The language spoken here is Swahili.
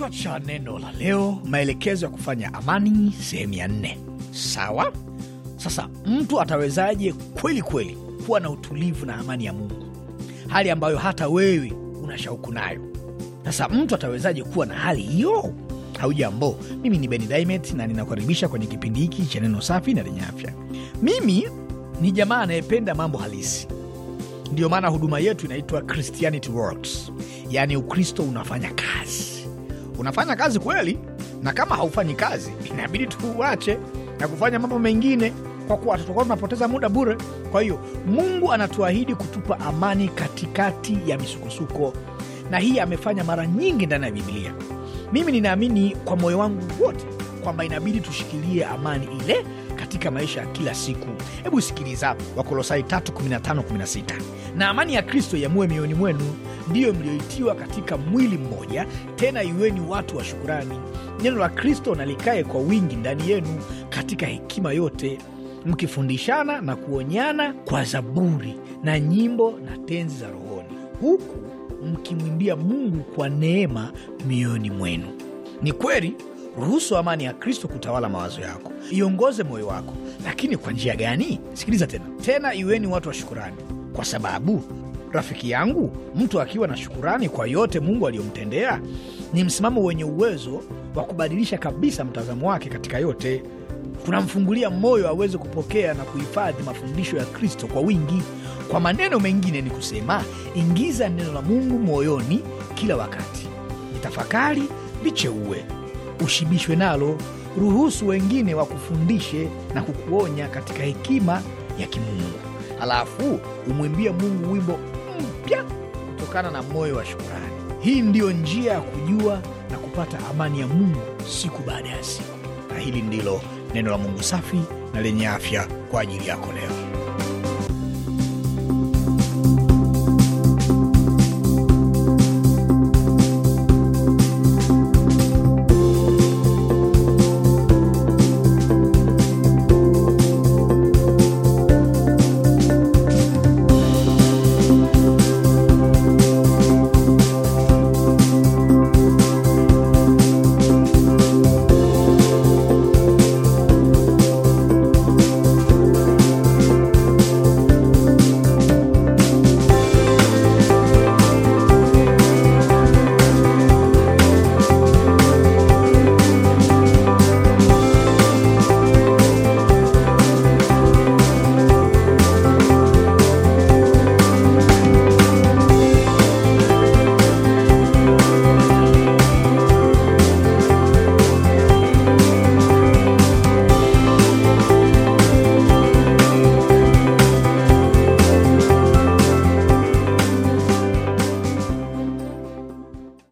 Kichwa cha neno la leo: maelekezo ya kufanya amani, sehemu ya nne. Sawa, sasa mtu atawezaje kweli kweli kuwa na utulivu na amani ya Mungu, hali ambayo hata wewe una shauku nayo? Sasa mtu atawezaje kuwa na hali hiyo? Haujambo, mimi ni Beni Dimet na ninakukaribisha kwenye kipindi hiki cha neno safi na lenye afya. Mimi ni jamaa anayependa mambo halisi, ndiyo maana huduma yetu inaitwa Christianity Works, yaani Ukristo unafanya kazi unafanya kazi kweli, na kama haufanyi kazi inabidi tuuache na kufanya mambo mengine, kwa kuwa tutakuwa tunapoteza muda bure. Kwa hiyo Mungu anatuahidi kutupa amani katikati ya misukosuko, na hii amefanya mara nyingi ndani ya Biblia. Mimi ninaamini kwa moyo wangu wote kwamba inabidi tushikilie amani ile katika maisha ya kila siku. Hebu sikiliza Wakolosai 3:15-16, na amani ya Kristo yamue mioyoni mwenu ndiyo mlioitiwa katika mwili mmoja, tena iweni watu wa shukurani. Neno la Kristo nalikae kwa wingi ndani yenu katika hekima yote, mkifundishana na kuonyana kwa zaburi na nyimbo na tenzi za rohoni, huku mkimwimbia Mungu kwa neema mioyoni mwenu. Ni kweli, ruhusu amani ya Kristo kutawala mawazo yako, iongoze moyo wako. Lakini kwa njia gani? Sikiliza tena tena, iweni watu wa shukurani, kwa sababu Rafiki yangu, mtu akiwa na shukurani kwa yote Mungu aliyomtendea ni msimamo wenye uwezo wa kubadilisha kabisa mtazamo wake katika yote. Tunamfungulia moyo aweze kupokea na kuhifadhi mafundisho ya Kristo kwa wingi. Kwa maneno mengine ni kusema, ingiza neno la Mungu moyoni kila wakati, litafakari, licheue, ushibishwe nalo. Ruhusu wengine wakufundishe na kukuonya katika hekima ya Kimungu. Halafu umwimbie Mungu wimbo kutokana na moyo wa shukrani. Hii ndiyo njia ya kujua na kupata amani ya Mungu siku baada ya siku. Na hili ndilo neno la Mungu safi na lenye afya kwa ajili yako leo.